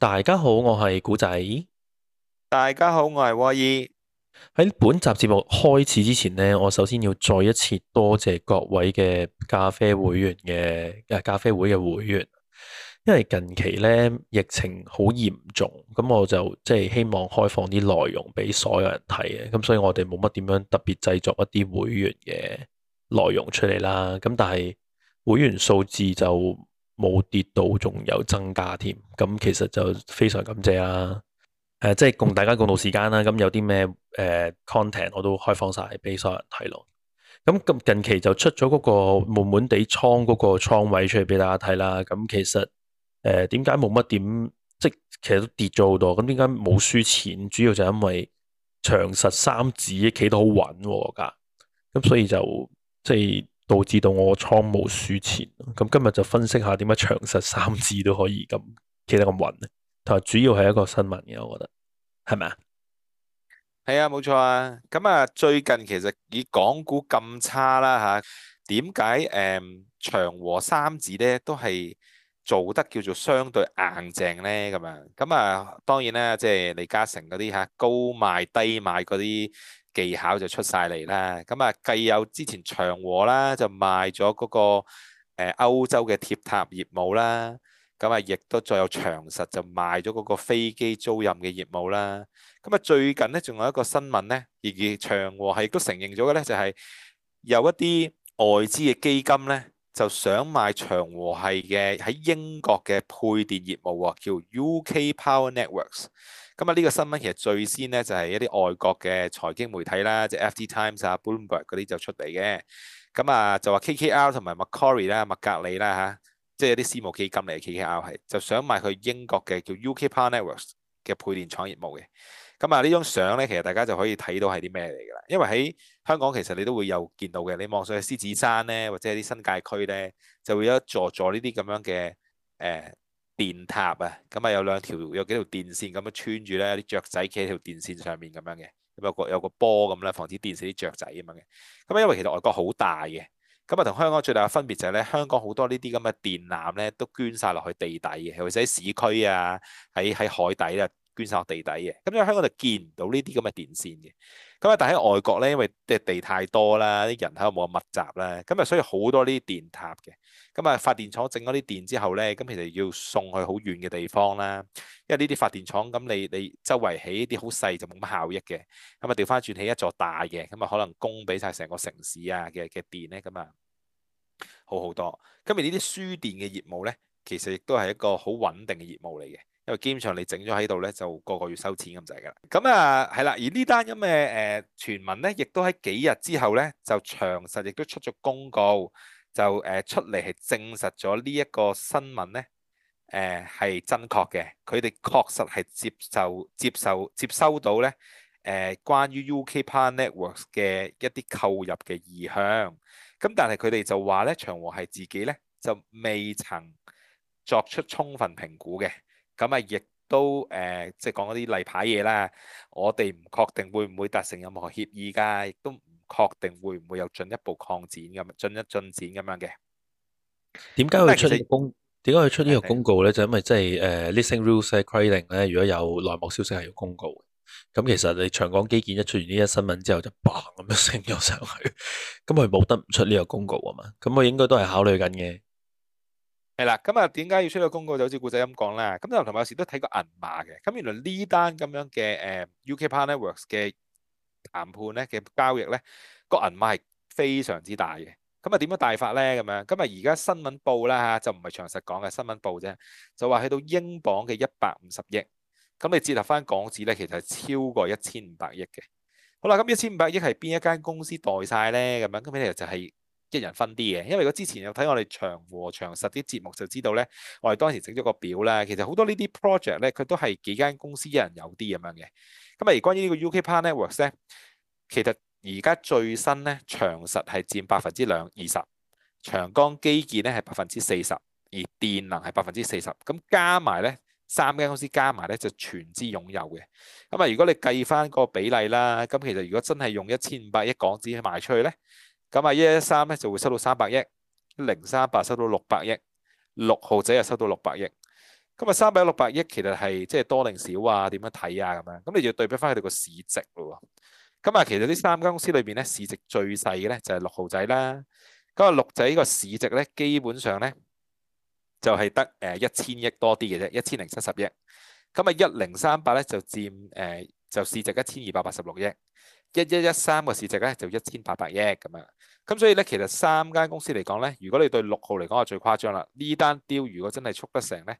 大家好，我係古仔。大家好，我係沃爾。喺本集節目開始之前呢，我首先要再一次多謝各位嘅咖啡會員嘅咖啡會嘅會員。因為近期呢，疫情好嚴重，咁我就即係、就是、希望開放啲內容俾所有人睇嘅，咁所以我哋冇乜點樣特別製作一啲會員嘅內容出嚟啦。咁但係會員數字就。冇跌到，仲有增加添，咁其實就非常感謝啦。誒、呃，即係共大家共度時間啦。咁、嗯、有啲咩誒 content 我都開放晒俾所有人睇咯。咁、嗯、近近期就出咗嗰個悶悶地倉嗰個倉位出嚟俾大家睇啦。咁、嗯、其實誒點解冇乜點，即係其實都跌咗好多。咁點解冇輸錢？主要就係因為長實三指企得好穩㗎，咁、嗯、所以就即係。導致到我倉冇輸錢，咁今日就分析下點解長實三子都可以咁企得咁穩咧。啊，主要係一個新聞嘅，我覺得係咪啊？係啊，冇錯啊。咁啊，最近其實以港股咁差啦，啊、嚇，點解誒長和三子咧都係？.做得叫做相對硬淨咧咁樣，咁啊當然啦，即係李嘉誠嗰啲嚇，高賣低賣嗰啲技巧就出晒嚟啦。咁啊，既有之前長和啦就賣咗嗰個誒歐洲嘅鐵塔業務啦，咁啊亦都再有長實就賣咗嗰個飛機租賃嘅業務啦。咁啊最近咧仲有一個新聞咧，而長和係亦都承認咗嘅咧，就係有一啲外資嘅基金咧。就想買長和系嘅喺英國嘅配電業務啊，叫 UK Power Networks。咁啊呢個新聞其實最先咧就係一啲外國嘅財經媒體啦，即係 FT Times 啊、Bloomberg 嗰啲就出嚟嘅。咁啊就話 KKR 同埋 Macquarie 啦、麥格里啦嚇、啊，即係啲私募基金嚟嘅。KKR 係就想買佢英國嘅叫 UK Power Networks 嘅配電廠業務嘅。咁啊，張呢張相咧，其實大家就可以睇到係啲咩嚟㗎啦。因為喺香港，其實你都會有見到嘅。你望上去獅子山咧，或者係啲新界區咧，就會有一座座呢啲咁樣嘅誒、呃、電塔啊。咁、嗯、啊，有兩條有幾條電線咁樣穿住咧，啲雀仔企喺條電線上面咁樣嘅、嗯。有個有個波咁啦，防止電死啲雀仔咁樣嘅。咁、嗯、啊，因為其實外國好大嘅，咁、嗯、啊，同香港最大嘅分別就係咧，香港好多呢啲咁嘅電纜咧，都捐晒落去地底嘅，或者喺市區啊，喺喺海底啊。捐曬落地底嘅，咁所以香港就見唔到呢啲咁嘅電線嘅。咁啊，但喺外國咧，因為即係地太多啦，啲人口又冇咁密集啦，咁啊，所以好多呢啲電塔嘅。咁啊，發電廠整咗啲電之後咧，咁其實要送去好遠嘅地方啦。因為呢啲發電廠咁，你你周圍起一啲好細就冇乜效益嘅。咁啊，掉返轉起一座大嘅，咁啊，可能供俾晒成個城市啊嘅嘅電咧，咁啊，好好多。咁而呢啲輸電嘅業務咧，其實亦都係一個好穩定嘅業務嚟嘅。因兼常你整咗喺度咧，就個個要收錢咁滯㗎啦。咁啊係啦，而呢單咁嘅誒傳聞咧，亦都喺幾日之後咧，就長實亦都出咗公告，就誒、呃、出嚟係證實咗呢一個新聞咧誒係真確嘅。佢哋確實係接受接受接收到咧誒、呃、關於 UK Power Networks 嘅一啲購入嘅意向。咁但係佢哋就話咧，長和係自己咧就未曾作出充分評估嘅。咁啊，亦都誒，即係講嗰啲例牌嘢啦。我哋唔確定會唔會達成任何協議㗎，亦都唔確定會唔會有進一步擴展咁，進一進展咁樣嘅。點解會出公？點解會出呢個公告咧？就因為即係誒 listing rules and trading 咧，如果有內幕消息係要公告嘅。咁其實你長江基建一出完呢一新聞之後，就砰咁樣升咗上去，咁佢冇得唔出呢個公告啊嘛。咁佢應該都係考慮緊嘅。係啦，咁啊點解要出到公告？就好似故仔咁講啦。咁就同埋有時都睇過銀碼嘅，咁原來呢單咁樣嘅誒、uh, UK Power Networks 嘅談判咧嘅交易咧，個銀碼係非常之大嘅。咁啊點樣大法咧？咁樣咁啊而家新聞報啦嚇，就唔係長實講嘅新聞報啫，就話去到英鎊嘅一百五十億，咁你折合翻港紙咧，其實係超過一千五百億嘅。好啦，咁一千五百億係邊一間公司袋晒咧？咁樣咁尾嚟就係、是。一人分啲嘅，因為如果之前有睇我哋長和長實啲節目，就知道咧，我哋當時整咗個表啦。其實好多呢啲 project 咧，佢都係幾間公司一人有啲咁樣嘅。咁啊，而關於呢個 UK Power Networks 咧，其實而家最新咧，長實係佔百分之兩二十，長江基建咧係百分之四十，而電能係百分之四十。咁加埋咧，三間公司加埋咧就全資擁有嘅。咁啊，如果你計翻個比例啦，咁其實如果真係用一千五百億港紙去賣出去咧，咁啊，一一三咧就會收到三百億，零三八收到六百億，六號仔又收到六百億。咁、嗯、啊，三百六百億其實係即係多定少啊？點樣睇啊？咁樣，咁你就要對比翻佢哋個市值咯。咁、嗯、啊，其實呢三間公司裏邊咧，市值最細嘅咧就係、是、六號仔啦。咁、嗯、啊，六仔個市值咧基本上咧就係、是、得誒、呃、一千億多啲嘅啫，一千零七十億。咁、嗯、啊，一零三八咧就佔誒、呃、就市值一千二百八十六億。一一一三個市值咧就一千八百億咁樣，咁所以咧，其實三間公司嚟講咧，如果你對六號嚟講就最誇張啦。呢單 deal 如果真係促得成咧，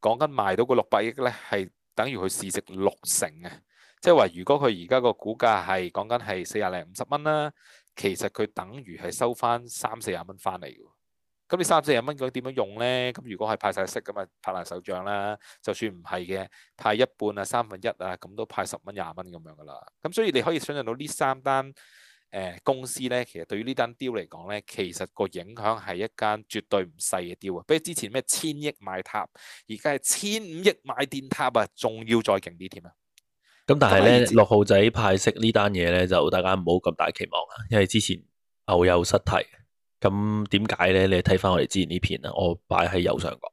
講緊賣到個六百億咧，係等於佢市值六成啊！即係話如果佢而家個股價係講緊係四十零五十蚊啦，其實佢等於係收翻三四十蚊翻嚟。咁你三四廿蚊咁點樣用咧？咁如果係派晒息咁啊，拍爛手掌啦！就算唔係嘅，派一半啊、三分一啊，咁都派十蚊廿蚊咁樣噶啦。咁所以你可以想象到呢三單誒、呃、公司咧，其實對於呢單 deal 嚟講咧，其實個影響係一間絕對唔細嘅 deal 啊！比如之前咩千億買塔，而家係千五億買電塔啊，仲要再勁啲添啊！咁但係咧，六號仔派息呢單嘢咧，就大家唔好咁大期望啊，因為之前牛有失蹄。咁點解咧？你睇翻我哋之前呢片啊，我擺喺右上角，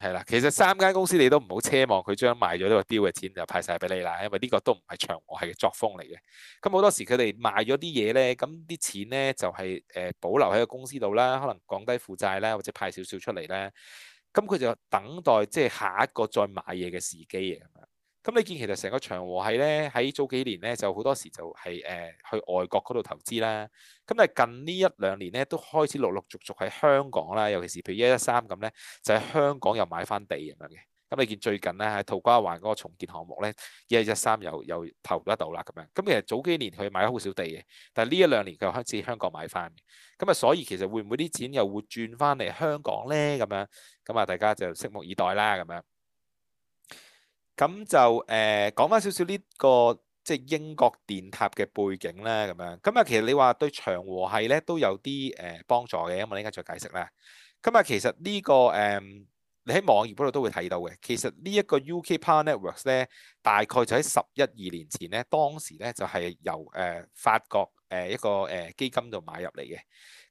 係啦。其實三間公司你都唔好奢望佢將賣咗呢個 deal 嘅錢就派晒俾你啦，因為呢個都唔係長和系嘅作風嚟嘅。咁好多時佢哋賣咗啲嘢咧，咁啲錢咧就係誒保留喺個公司度啦，可能降低負債啦，或者派少少出嚟咧，咁佢就等待即係下一個再買嘢嘅時機啊。咁你見其實成個長和系咧喺早幾年咧就好多時就係、是、誒、呃、去外國嗰度投資啦，咁啊近一兩呢一兩年咧都開始陸陸續續喺香港啦，尤其是譬如一一三咁咧，就喺香港又買翻地咁樣嘅。咁你見最近咧喺土瓜灣嗰個重建項目咧，一一三又又投得到度啦咁樣。咁其實早幾年佢買好少地嘅，但係呢一兩年佢又開始香港買翻嘅。咁啊所以其實會唔會啲錢又會轉翻嚟香港咧？咁樣咁啊大家就拭目以待啦咁樣。咁就誒講翻少少呢個即係英國電塔嘅背景啦。咁樣咁啊。其實你話對長和系咧都有啲誒幫助嘅，咁我哋依家再解釋啦。咁啊，其實呢、這個誒、呃、你喺網頁嗰度都會睇到嘅。其實呢一個 U.K. Power Networks 咧，大概就喺十一二年前咧，當時咧就係、是、由誒、呃、法國誒、呃、一個誒、呃、基金度買入嚟嘅。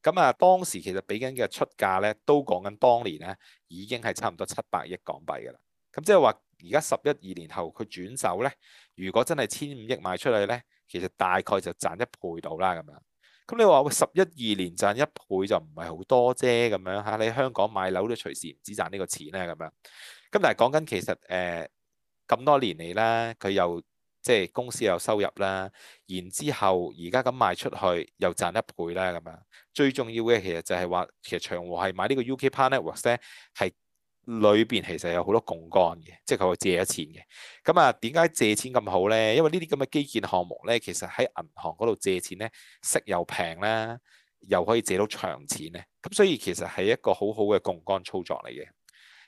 咁啊，當時其實畀緊嘅出價咧，都講緊當年咧已經係差唔多七百億港幣嘅啦。咁即係話。而家十一二年後佢轉手呢。如果真係千五億賣出去呢，其實大概就賺一倍到啦咁樣。咁你話十一二年賺一倍就唔係好多啫咁樣嚇、啊？你香港買樓都隨時唔止賺呢個錢呢。咁樣。咁但係講緊其實誒咁、呃、多年嚟啦，佢又即係公司有收入啦，然之後而家咁賣出去又賺一倍啦咁樣。最重要嘅其實就係話，其實長和係買個呢個 UK Power Networks 咧係。裏邊其實有好多槓桿嘅，即係佢會借咗錢嘅。咁啊，點解借錢咁好咧？因為呢啲咁嘅基建項目咧，其實喺銀行嗰度借錢咧，息又平啦，又可以借到長錢咧。咁所以其實係一個好好嘅槓桿操作嚟嘅。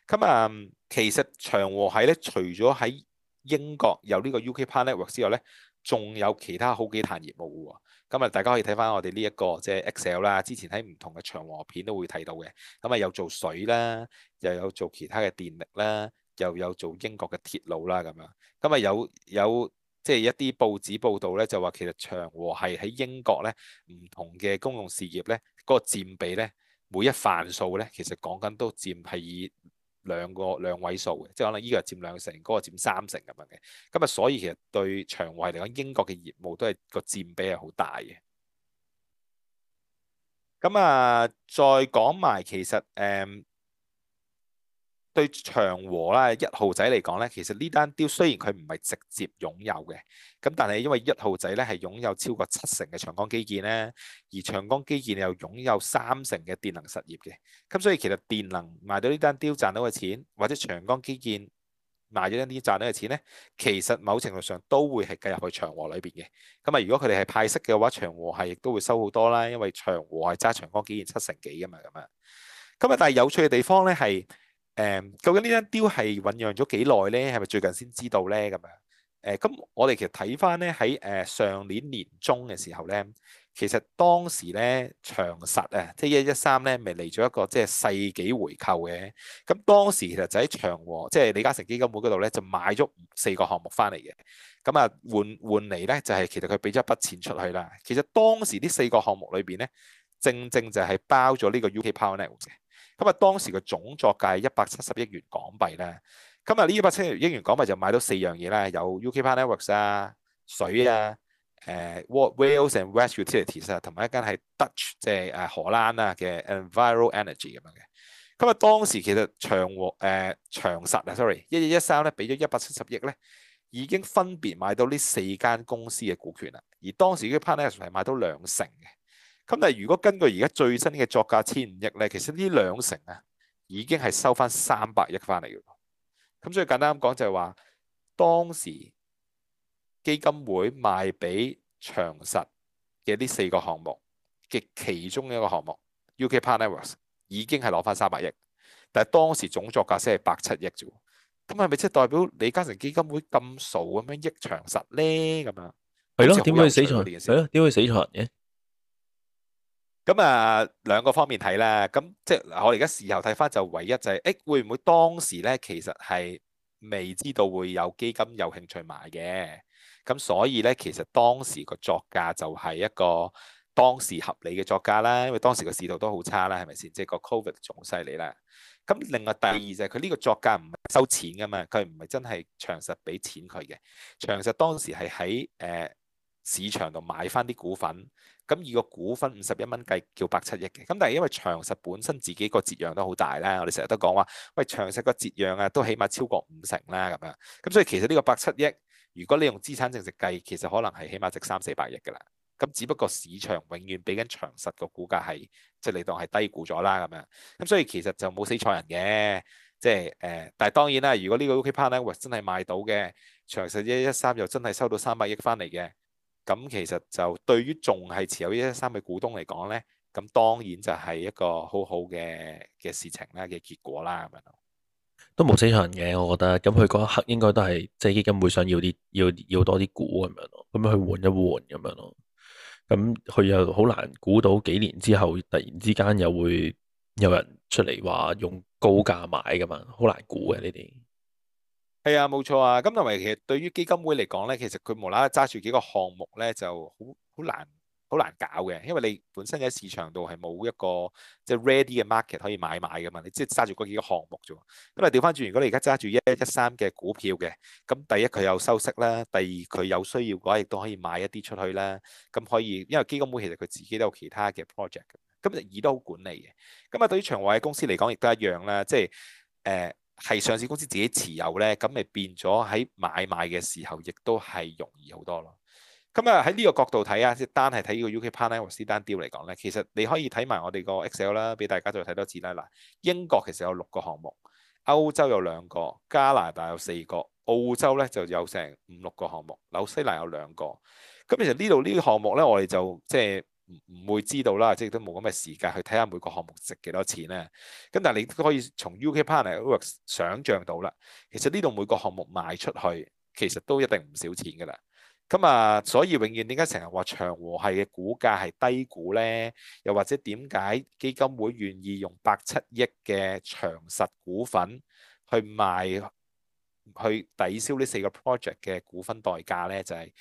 咁啊，其實長和系咧，除咗喺英國有呢個 UK Pan Network 之外咧。仲有其他好幾壇業務喎，咁啊大家可以睇翻我哋呢一個即係 Excel 啦，就是、Ex cel, 之前喺唔同嘅長和片都會睇到嘅，咁啊有做水啦，又有做其他嘅電力啦，又有做英國嘅鐵路啦咁樣，咁啊有有即係、就是、一啲報紙報道咧，就話其實長和系喺英國咧唔同嘅公共事業咧嗰、那個佔比咧每一範數咧，其實講緊都佔係以。兩個兩位數嘅，即係可能呢個係佔兩成，嗰、嗰個佔三成咁樣嘅。咁、嗯、啊，所以其實對長位嚟講，英國嘅業務都係個佔比係好大嘅。咁、嗯、啊，再講埋其實誒。嗯對長和啦，一號仔嚟講呢，其實呢單雕雖然佢唔係直接擁有嘅，咁但係因為一號仔呢係擁有超過七成嘅長江基建呢，而長江基建又擁有三成嘅電能實業嘅，咁所以其實電能賣到呢單雕賺到嘅錢，或者長江基建賣咗呢啲雕賺到嘅錢呢，其實某程度上都會係計入去長和裏邊嘅。咁啊，如果佢哋係派息嘅話，長和係亦都會收好多啦，因為長和係揸長江基建七成幾㗎嘛，咁啊。咁啊，但係有趣嘅地方呢係。誒，究竟張釀呢張雕係醖釀咗幾耐咧？係咪最近先知道咧咁樣？誒、呃，咁我哋其實睇翻咧，喺誒、呃、上年年中嘅時候咧，其實當時咧長實啊，即係一一三咧，咪嚟咗一個即係世紀回購嘅。咁當時其實就喺長和，即係李嘉誠基金會嗰度咧，就買咗四個項目翻嚟嘅。咁啊，換換嚟咧，就係其實佢俾咗一筆錢出去啦。其實當時呢，呢，個當時、就是、呢四個項目裏邊咧，正正就係包咗呢個 UK Power Network。.今日當時嘅總作價係一百七十億元港幣咧，今日呢一百七十億元港幣就買到四樣嘢咧，有 UKPanels 啊、水啊、誒 Wales and West Utilities 啊，同埋一間係 Dutch 即係誒荷蘭啊嘅 Enviro Energy 咁樣嘅。今日當時其實長和誒、呃、長實啊，sorry，一一一三咧俾咗一百七十億咧，已經分別買到呢四間公司嘅股權啦，而當時啲 Panels 係買到兩成嘅。咁但係如果根據而家最新嘅作價千五億咧，其實呢兩成啊已經係收翻三百億翻嚟嘅。咁最簡單講就係話，當時基金會賣俾長實嘅呢四個項目嘅其中一個項目 UK Partners 已經係攞翻三百億，但係當時總作價先係百七億啫。咁係咪即係代表李嘉誠基金會咁傻咁樣益長實咧？咁樣，係咯，點會死財？係咯，點會死財嘅？咁啊，兩個方面睇啦。咁即係我而家事後睇翻就唯一就係、是，誒會唔會當時咧其實係未知道會有基金有興趣買嘅，咁所以咧其實當時個作價就係一個當時合理嘅作價啦，因為當時個市道都好差啦，係咪先？即係個 Covid 仲好犀利啦。咁另外第二就係佢呢個作價唔係收錢㗎嘛，佢唔係真係長實俾錢佢嘅，長實當時係喺誒，呃市場度買翻啲股份，咁以個股份五十一蚊計，叫百七億嘅。咁但係因為長實本身自己個折讓都好大啦，我哋成日都講話，喂長實個折讓啊，都起碼超過五成啦咁樣。咁所以其實呢個百七億，如果你用資產淨值計，其實可能係起碼值三四百億嘅啦。咁只不過市場永遠俾緊長實個股價係即係你當係低估咗啦咁樣。咁所以其實就冇死錯人嘅，即係誒。但係當然啦，如果呢個 UK Power Networks 真係賣到嘅，長實一一三又真係收到三百億翻嚟嘅。咁其實就對於仲係持有一一三嘅股東嚟講呢，咁當然就係一個好好嘅嘅事情啦，嘅結果啦咁樣，都冇死人嘅，我覺得。咁佢嗰一刻應該都係即係基金會想要啲要要多啲股咁樣咯，咁樣去換一換咁樣咯。咁佢又好難估到幾年之後突然之間又會有人出嚟話用高價買噶嘛，好難估嘅呢啲。係啊，冇錯啊。咁同埋其實對於基金會嚟講咧，其實佢無啦啦揸住幾個項目咧，就好好難好難搞嘅，因為你本身喺市場度係冇一個即係、就是、ready 嘅 market 可以買賣噶嘛。你即係揸住嗰幾個項目啫喎。因為調返轉，如果你而家揸住一一一三嘅股票嘅，咁第一佢有收息啦，第二佢有需要嘅話，亦都可以賣一啲出去啦。咁可以，因為基金會其實佢自己都有其他嘅 project，咁、嗯、亦都好管理嘅。咁啊，對於長和嘅公司嚟講，亦都一樣啦，即係誒。呃係上市公司自己持有呢，咁咪變咗喺買賣嘅時候，亦都係容易好多咯。咁啊喺呢個角度睇啊，即單係睇呢個 UK panel 和私單 deal 嚟講呢，其實你可以睇埋我哋個 Excel 啦，俾大家再睇多次啦。嗱，英國其實有六個項目，歐洲有兩個，加拿大有四個，澳洲呢就有成五六個項目，紐西蘭有兩個。咁其實呢度呢啲項目呢，我哋就即係。就是唔唔會知道啦，即係都冇咁嘅時間去睇下每個項目值幾多錢咧、啊。咁但係你都可以從 UK Power Networks, 想象到啦。其實呢度每個項目賣出去，其實都一定唔少錢噶啦。咁啊，所以永遠點解成日話長和系嘅股價係低估呢？又或者點解基金會願意用百七億嘅長實股份去賣去抵消呢四個 project 嘅股份代價呢？就係、是。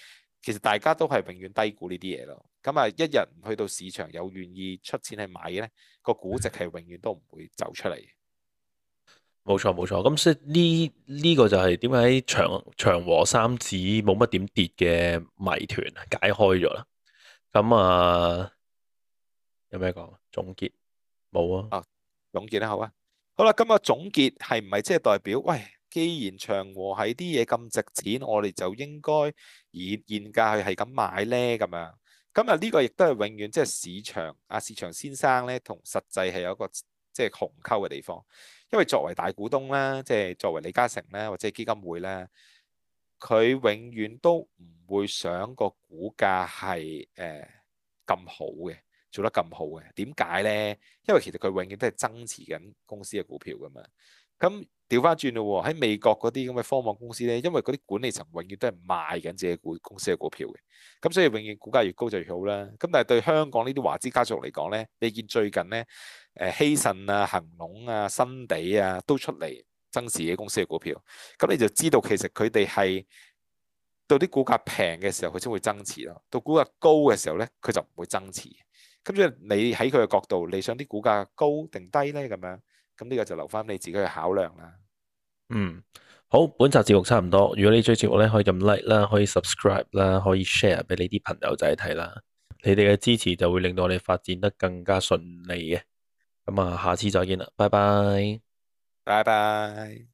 其實大家都係永遠低估呢啲嘢咯，咁啊一日唔去到市場有願意出錢去買咧，個估值係永遠都唔會走出嚟。冇錯冇錯，咁所以呢呢、呢個就係點解長長和三指冇乜點跌嘅謎團解開咗啦。咁啊有咩講？總結冇啊。啊總結得、啊、好啊。好啦，咁啊，那個、總結係唔係即係代表喂？既然長和係啲嘢咁值錢，我哋就應該以現價去係咁買呢。咁樣。咁啊呢個亦都係永遠即係、就是、市場啊，市場先生呢，同實際係有一個即係鴻溝嘅地方。因為作為大股東啦，即係作為李嘉誠呢或者基金會呢，佢永遠都唔會想個股價係誒咁好嘅，做得咁好嘅。點解呢？因為其實佢永遠都係增持緊公司嘅股票噶嘛。咁調翻轉咯喎，喺美國嗰啲咁嘅科網公司咧，因為嗰啲管理層永遠都係賣緊自己股公司嘅股票嘅，咁所以永遠股價越高就越好啦。咁但係對香港呢啲華資家族嚟講咧，你見最近咧，誒希慎啊、恒隆啊、新地啊都出嚟增持嘅公司嘅股票，咁你就知道其實佢哋係到啲股價平嘅時候佢先會增持咯，到股價高嘅時候咧佢就唔會增持。咁即係你喺佢嘅角度，你想啲股價高定低咧咁樣？咁呢個就留翻你自己去考量啦。嗯，好，本集節目差唔多。如果你追節目咧，可以撳 like 啦，可以 subscribe 啦，可以 share 俾你啲朋友仔睇啦。你哋嘅支持就會令到我哋發展得更加順利嘅。咁啊，下次再見啦，拜拜，拜拜。